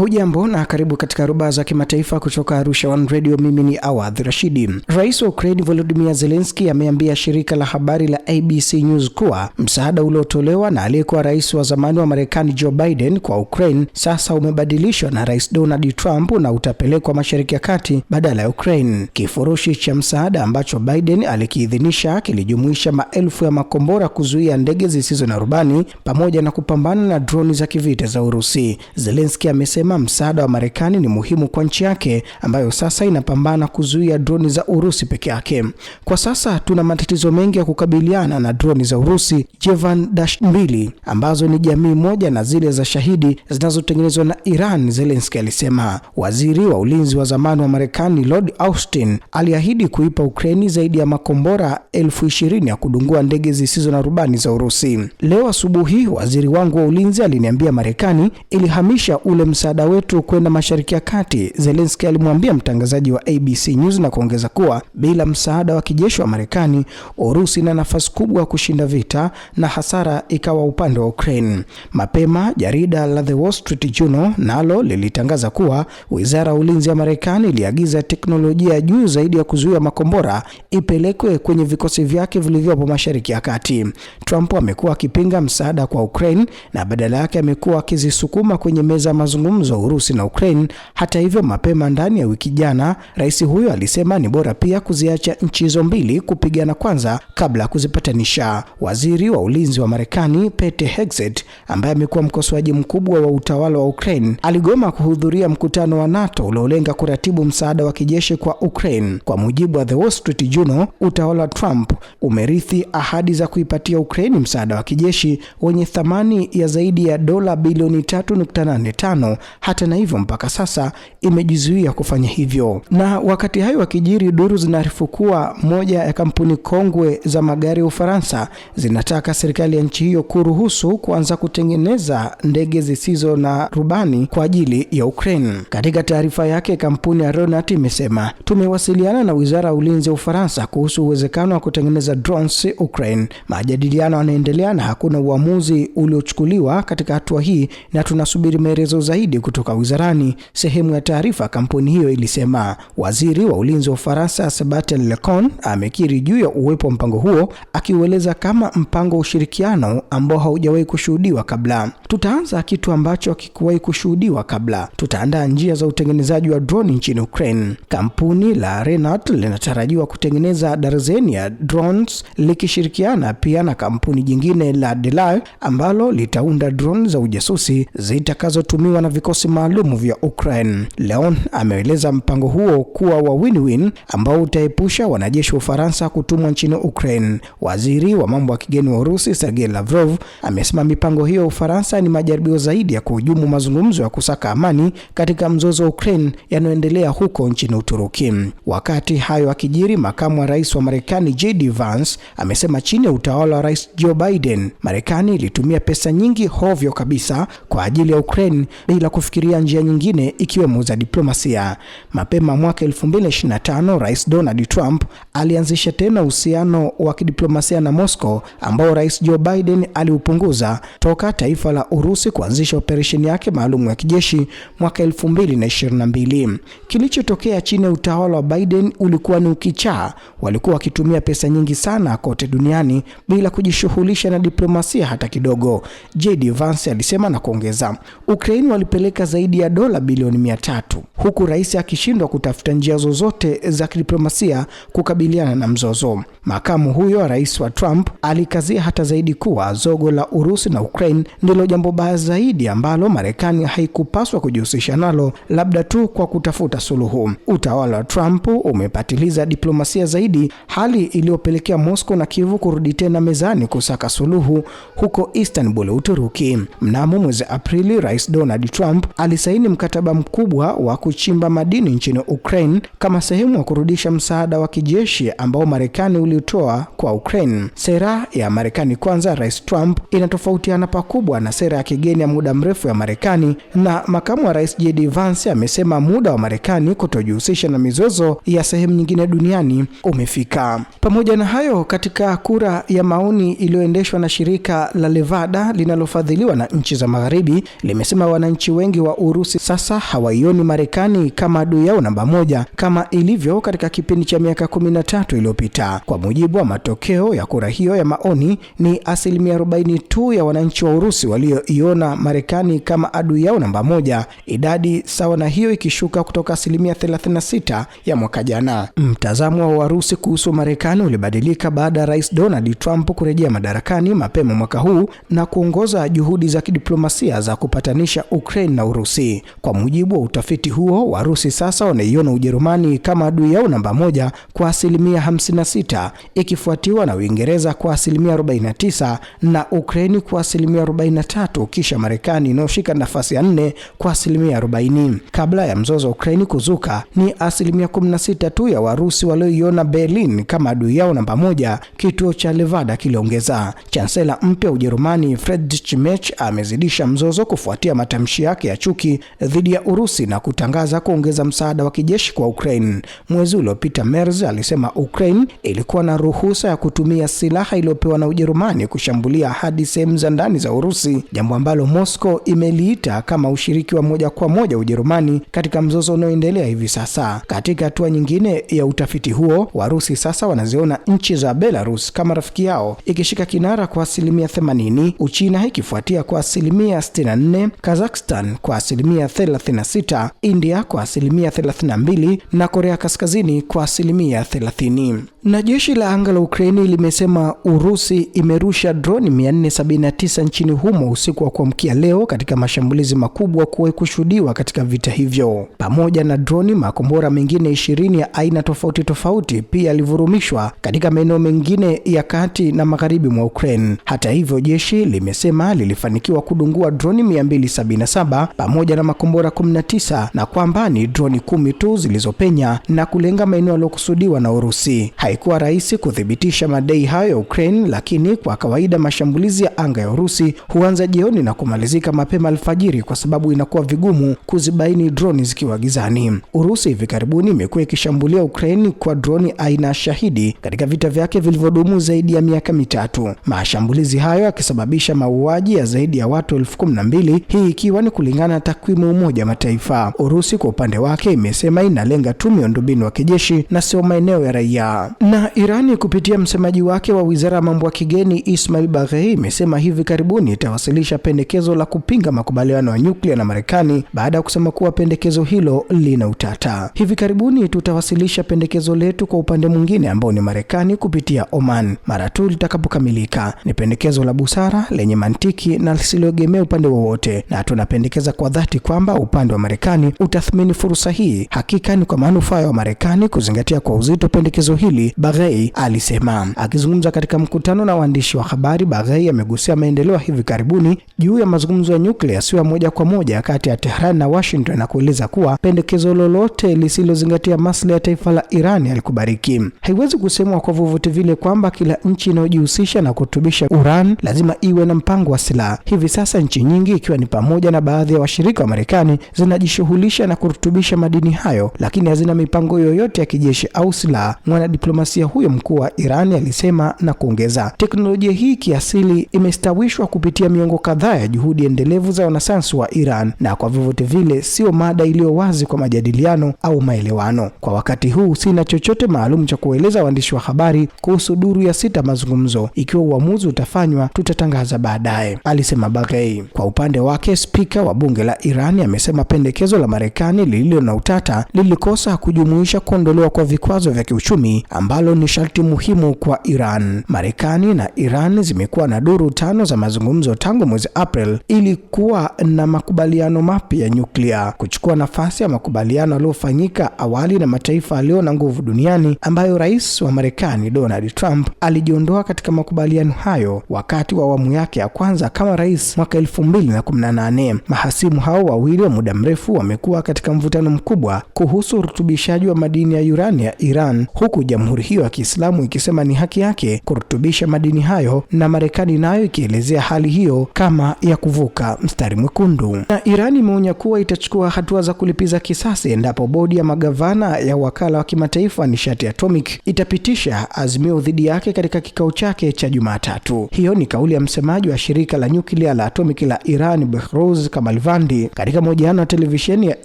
Hujambo na karibu katika rubaa za kimataifa kutoka Arusha One Radio. Mimi ni Awadh Rashidi. Rais wa Ukraine Volodymyr Zelensky ameambia shirika la habari la ABC News kuwa msaada uliotolewa na aliyekuwa rais wa zamani wa Marekani Joe Biden kwa Ukraine sasa umebadilishwa na Rais Donald Trump na utapelekwa Mashariki ya Kati badala ya Ukraine. Kifurushi cha msaada ambacho Biden alikiidhinisha kilijumuisha maelfu ya makombora kuzuia ndege zisizo na rubani pamoja na kupambana na droni za kivita za Urusi. Zelensky amesema amesema msaada wa Marekani ni muhimu kwa nchi yake ambayo sasa inapambana kuzuia droni za Urusi peke yake. Kwa sasa tuna matatizo mengi ya kukabiliana na droni za Urusi Jevan-2 ambazo ni jamii moja na zile za Shahidi zinazotengenezwa na Iran, Zelensky alisema. Waziri wa ulinzi wa zamani wa Marekani Lord Austin aliahidi kuipa Ukraini zaidi ya makombora elfu ishirini ya kudungua ndege zisizo na rubani za Urusi. Leo asubuhi, waziri wangu wa ulinzi aliniambia Marekani ilihamisha ule msaada msaada wetu kwenda Mashariki ya Kati, Zelensky alimwambia mtangazaji wa ABC News na kuongeza kuwa bila msaada wa kijeshi wa Marekani, Urusi ina nafasi kubwa kushinda vita na hasara ikawa upande wa Ukraine. Mapema jarida la The Wall Street Journal nalo lilitangaza kuwa Wizara ya Ulinzi ya Marekani iliagiza teknolojia juu zaidi ya kuzuia makombora ipelekwe kwenye vikosi vyake vilivyopo Mashariki ya Kati. Trump amekuwa akipinga msaada kwa Ukraine na badala yake amekuwa akizisukuma kwenye meza ya mazungumzo mazungumzo Urusi na Ukraine. Hata hivyo, mapema ndani ya wiki jana, rais huyo alisema ni bora pia kuziacha nchi hizo mbili kupigana kwanza kabla ya kuzipatanisha. Waziri wa ulinzi wa Marekani Pete Hegseth, ambaye amekuwa mkosoaji mkubwa wa utawala wa Ukraine, aligoma kuhudhuria mkutano wa NATO uliolenga kuratibu msaada wa kijeshi kwa Ukraine. Kwa mujibu wa The Wall Street Journal, utawala wa Trump umerithi ahadi za kuipatia Ukraine msaada wa kijeshi wenye thamani ya zaidi ya dola bilioni 3.85 hata na hivyo mpaka sasa imejizuia kufanya hivyo. Na wakati hayo wakijiri, duru zinaarifu kuwa moja ya kampuni kongwe za magari ya Ufaransa zinataka serikali ya nchi hiyo kuruhusu kuanza kutengeneza ndege zisizo na rubani kwa ajili ya Ukraine. Katika taarifa yake, kampuni ya Renault imesema, tumewasiliana na Wizara ya Ulinzi ya Ufaransa kuhusu uwezekano wa kutengeneza drones Ukraine. Majadiliano yanaendelea na hakuna uamuzi uliochukuliwa katika hatua hii na tunasubiri maelezo zaidi kutoka wizarani. Sehemu ya taarifa kampuni hiyo ilisema waziri wa ulinzi wa Ufaransa Sebastien lecon amekiri juu ya uwepo wa mpango huo, akiueleza kama mpango wa ushirikiano ambao haujawahi kushuhudiwa kabla. Tutaanza kitu ambacho hakikuwahi kushuhudiwa kabla, tutaandaa njia za utengenezaji wa droni nchini Ukraine. Kampuni la Renat linatarajiwa kutengeneza darzeni ya drones likishirikiana pia na kampuni jingine la Delay ambalo litaunda drone za ujasusi zitakazotumiwa na vikosi vikosi maalum vya Ukraine. Leon ameeleza mpango huo kuwa wa win-win ambao utaepusha wanajeshi wa Ufaransa kutumwa nchini Ukraine. Waziri wa mambo ya kigeni wa Urusi Sergei Lavrov amesema mipango hiyo ya Ufaransa ni majaribio zaidi ya kuhujumu mazungumzo ya kusaka amani katika mzozo wa Ukraine yanayoendelea huko nchini Uturuki. Wakati hayo akijiri, makamu wa rais wa Marekani JD Vance amesema chini ya utawala wa Rais Joe Biden, Marekani ilitumia pesa nyingi hovyo kabisa kwa ajili ya Ukraine bila kufikiria njia nyingine ikiwemo za diplomasia. Mapema mwaka 2025, Rais Donald Trump alianzisha tena uhusiano wa kidiplomasia na Moscow ambao Rais Joe Biden aliupunguza toka taifa la Urusi kuanzisha operesheni yake maalum ya kijeshi mwaka 2022. Kilichotokea chini ya utawala wa Biden ulikuwa ni ukichaa. Walikuwa wakitumia pesa nyingi sana kote duniani bila kujishughulisha na diplomasia hata kidogo, JD Vance alisema na kuongeza, Ukraine walipeleka kupeleka zaidi ya dola bilioni mia tatu huku rais akishindwa kutafuta njia zozote za kidiplomasia kukabiliana na mzozo. Makamu huyo rais wa Trump alikazia hata zaidi kuwa zogo la Urusi na Ukraine ndilo jambo baya zaidi ambalo Marekani haikupaswa kujihusisha nalo, labda tu kwa kutafuta suluhu. Utawala wa Trump umepatiliza diplomasia zaidi, hali iliyopelekea Moscow na Kiev kurudi tena mezani kusaka suluhu huko Istanbul, Uturuki. Mnamo mwezi Aprili, Rais Donald Trump Trump alisaini mkataba mkubwa wa kuchimba madini nchini Ukraine kama sehemu ya kurudisha msaada wa kijeshi ambao Marekani ulitoa kwa Ukraine. Sera ya Marekani kwanza, Rais Trump, inatofautiana pakubwa na sera ya kigeni ya muda mrefu ya Marekani, na makamu wa Rais JD Vance amesema muda wa Marekani kutojihusisha na mizozo ya sehemu nyingine duniani umefika. Pamoja na hayo, katika kura ya maoni iliyoendeshwa na shirika la Levada linalofadhiliwa na nchi za Magharibi, limesema wananchi wengi wengi wa Urusi sasa hawaioni Marekani kama adui yao namba moja kama ilivyo katika kipindi cha miaka tatu iliyopita. Kwa mujibu wa matokeo ya kura hiyo ya maoni, ni asilimia 40 tu ya wananchi wa Urusi walioiona Marekani kama adui yao namba moja, idadi sawa na hiyo ikishuka kutoka asilimia 36 ya mwaka jana. Mtazamo wa Warusi kuhusu Marekani ulibadilika baada ya Rais Donald Trump kurejea madarakani mapema mwaka huu na kuongoza juhudi za kidiplomasia za kupatanisha Ukraine Ukraine na Urusi. Kwa mujibu wa utafiti huo, Warusi sasa wanaiona Ujerumani kama adui yao namba moja kwa asilimia 56, ikifuatiwa na Uingereza kwa asilimia 49 na Ukraini kwa asilimia 43, kisha Marekani inayoshika nafasi ya nne kwa asilimia 40. Kabla ya mzozo wa Ukraini kuzuka, ni asilimia 16 tu ya Warusi walioiona Berlin kama adui yao namba moja, kituo cha Levada kiliongeza. Chansela mpya wa Ujerumani Friedrich Merz amezidisha mzozo kufuatia matamshi yake yake ya chuki dhidi ya Urusi na kutangaza kuongeza msaada wa kijeshi kwa Ukraine. Mwezi uliopita, Merz alisema Ukraine ilikuwa na ruhusa ya kutumia silaha iliyopewa na Ujerumani kushambulia hadi sehemu za ndani za Urusi, jambo ambalo Moscow imeliita kama ushiriki wa moja kwa moja Ujerumani katika mzozo unaoendelea hivi sasa. Katika hatua nyingine ya utafiti huo, Warusi sasa wanaziona nchi za Belarus kama rafiki yao, ikishika kinara kwa asilimia 80, Uchina ikifuatia kwa asilimia 64, Kazakhstan kwa asilimia 36, India kwa asilimia 32 na Korea Kaskazini kwa asilimia 30. Na jeshi la anga la Ukraini limesema Urusi imerusha droni 479 nchini humo usiku wa kuamkia leo katika mashambulizi makubwa kuwahi kushuhudiwa katika vita hivyo. Pamoja na droni, makombora mengine 20 ya aina tofauti tofauti pia yalivurumishwa katika maeneo mengine ya kati na magharibi mwa Ukraine. Hata hivyo, jeshi limesema lilifanikiwa kudungua droni 277 pamoja na makombora 19 na kwamba ni droni kumi tu zilizopenya na kulenga maeneo yaliyokusudiwa na Urusi. Haikuwa rahisi kuthibitisha madai hayo ya Ukraine, lakini kwa kawaida mashambulizi ya anga ya Urusi huanza jioni na kumalizika mapema alfajiri, kwa sababu inakuwa vigumu kuzibaini droni zikiwa gizani. Urusi hivi karibuni imekuwa ikishambulia Ukraine kwa droni aina Shahidi katika vita vyake vilivyodumu zaidi ya miaka mitatu, mashambulizi hayo yakisababisha mauaji ya zaidi ya watu elfu kumi na mbili hii ikiwa ni kulingana na takwimu Umoja Mataifa. Urusi kwa upande wake imesema inalenga tu miundombinu ya kijeshi na sio maeneo ya raia. Na Irani kupitia msemaji wake wa Wizara ya Mambo ya Kigeni Ismail Baghei imesema hivi karibuni itawasilisha pendekezo la kupinga makubaliano ya nyuklia na Marekani baada ya kusema kuwa pendekezo hilo lina utata. Hivi karibuni tutawasilisha pendekezo letu kwa upande mwingine ambao ni Marekani kupitia Oman mara tu litakapokamilika. Ni pendekezo la busara lenye mantiki na lisiloegemea upande wowote, na tunapendekeza amependekeza kwa dhati kwamba upande wa Marekani utathmini fursa hii. Hakika ni kwa manufaa ya Wamarekani kuzingatia kwa uzito pendekezo hili, Baghei alisema. Akizungumza katika mkutano na waandishi wa habari, Baghei amegusia maendeleo hivi karibuni juu ya mazungumzo ya nyuklia sio moja kwa moja kati ya Tehran na Washington na kueleza kuwa pendekezo lolote lisilozingatia maslahi ya taifa la Iran alikubariki. Haiwezi kusemwa kwa vyovyote vile kwamba kila nchi inayojihusisha na kurutubisha uran lazima iwe na mpango wa silaha. Hivi sasa nchi nyingi ikiwa ni pamoja na baadhi baadhi ya washirika wa Marekani zinajishughulisha na kurutubisha madini hayo, lakini hazina mipango yoyote ya kijeshi au silaha, mwanadiplomasia huyo mkuu wa Irani alisema na kuongeza, teknolojia hii kiasili imestawishwa kupitia miongo kadhaa ya juhudi endelevu za wanasayansi wa Iran na kwa vyovyote vile sio mada iliyo wazi kwa majadiliano au maelewano. Kwa wakati huu sina chochote maalum cha kueleza waandishi wa habari kuhusu duru ya sita mazungumzo. Ikiwa uamuzi utafanywa, tutatangaza baadaye, alisema Baghei. Kwa upande wake spika wa bunge la Iran amesema pendekezo la Marekani lililo na utata lilikosa kujumuisha kuondolewa kwa vikwazo vya kiuchumi ambalo ni sharti muhimu kwa Iran. Marekani na Iran zimekuwa na duru tano za mazungumzo tangu mwezi April ili kuwa na makubaliano mapya ya nyuklia, kuchukua nafasi ya makubaliano yaliyofanyika awali na mataifa yaliyo na nguvu duniani ambayo rais wa Marekani Donald Trump alijiondoa katika makubaliano hayo wakati wa awamu yake ya kwanza kama rais mwaka 2018. Mahasimu hao wawili wa muda mrefu wamekuwa katika mvutano mkubwa kuhusu urutubishaji wa madini ya urani ya Iran, huku jamhuri hiyo ya Kiislamu ikisema ni haki yake kurutubisha madini hayo na Marekani nayo ikielezea hali hiyo kama ya kuvuka mstari mwekundu. Na Iran imeonya kuwa itachukua hatua za kulipiza kisasi endapo bodi ya magavana ya wakala wa kimataifa nishati atomic itapitisha azimio dhidi yake katika kikao chake cha Jumatatu. Hiyo ni kauli ya msemaji wa shirika la nyuklia la atomic la Iran Behruz kama Malvandi katika mahojiano ya televisheni ya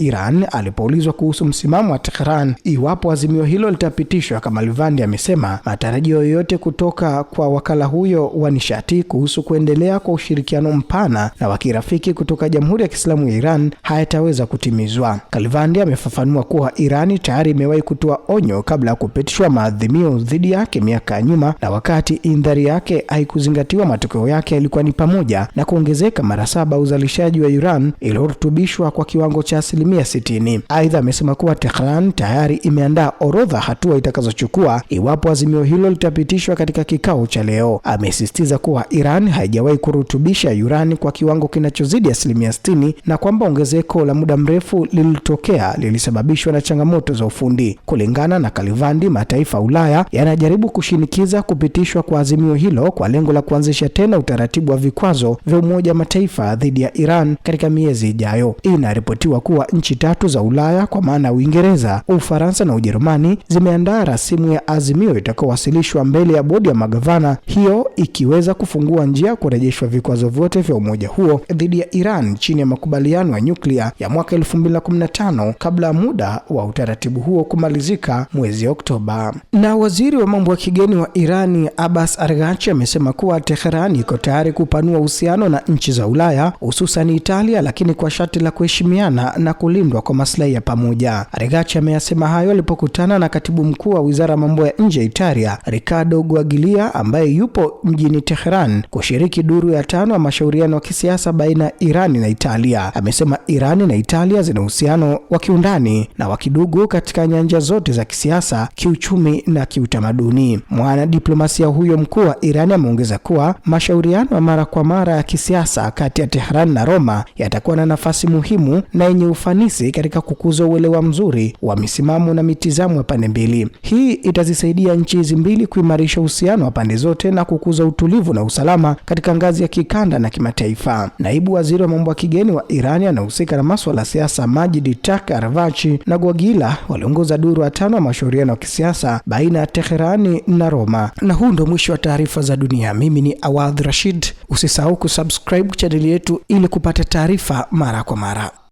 Iran alipoulizwa kuhusu msimamo wa Tehran iwapo azimio hilo litapitishwa. Kamalvandi amesema matarajio yoyote kutoka kwa wakala huyo wa nishati kuhusu kuendelea kwa ushirikiano mpana na wa kirafiki kutoka Jamhuri ya Kiislamu ya Iran hayataweza kutimizwa. Kalvandi amefafanua kuwa Irani tayari imewahi kutoa onyo kabla ya kupitishwa maadhimio dhidi yake miaka ya nyuma, na wakati indhari yake haikuzingatiwa, matokeo yake yalikuwa ni pamoja na kuongezeka mara saba uzalishaji wa Iran Tehran iliyorutubishwa kwa kiwango cha asilimia 60. Aidha, amesema kuwa Tehran tayari imeandaa orodha hatua itakazochukua iwapo azimio hilo litapitishwa katika kikao cha leo. Amesisitiza kuwa Iran haijawahi kurutubisha urani kwa kiwango kinachozidi asilimia 60 na kwamba ongezeko la muda mrefu lililotokea lilisababishwa na changamoto za ufundi. Kulingana na Kalivandi, mataifa Ulaya yanajaribu kushinikiza kupitishwa kwa azimio hilo kwa lengo la kuanzisha tena utaratibu wa vikwazo vya Umoja Mataifa dhidi ya Iran katika katika miezi ijayo. Inaripotiwa kuwa nchi tatu za Ulaya kwa maana ya Uingereza, Ufaransa na Ujerumani zimeandaa rasimu ya azimio itakayowasilishwa mbele ya bodi ya magavana, hiyo ikiweza kufungua njia kurejeshwa vikwazo vyote vya umoja huo dhidi ya Iran chini ya makubaliano ya nyuklia ya mwaka 2015 kabla ya muda wa utaratibu huo kumalizika mwezi Oktoba. Na waziri wa mambo ya kigeni wa Irani Abbas Araghchi amesema kuwa Tehran iko tayari kupanua uhusiano na nchi za Ulaya hususan Italia kisheria, lakini kwa sharti la kuheshimiana na kulindwa kwa maslahi ya pamoja. Arigachi ameyasema hayo alipokutana na katibu mkuu wa wizara ya mambo ya nje ya Italia Riccardo Guagliela ambaye yupo mjini Tehran kushiriki duru ya tano ya mashauriano ya kisiasa baina ya Irani na Italia. Amesema Irani na Italia zina uhusiano wa kiundani na wa kidugu katika nyanja zote za kisiasa, kiuchumi na kiutamaduni. Mwanadiplomasia huyo mkuu wa Irani ameongeza kuwa mashauriano ya mara kwa mara ya kisiasa kati ya Tehran na Roma ya yatakuwa na nafasi muhimu na yenye ufanisi katika kukuza uelewa mzuri wa misimamo na mitizamo ya pande mbili. Hii itazisaidia nchi hizi mbili kuimarisha uhusiano wa pande zote na kukuza utulivu na usalama katika ngazi ya kikanda na kimataifa. Naibu waziri wa mambo ya kigeni wa Irani anahusika na masuala ya siasa Majid Takarvachi na Gwagila waliongoza duru ya tano ya mashauriano ya kisiasa baina ya Teherani na Roma. Na huu ndio mwisho wa taarifa za dunia. Mimi ni Awadh Rashid, usisahau kusubscribe chaneli yetu ili kupata taarifa taarifa mara kwa mara.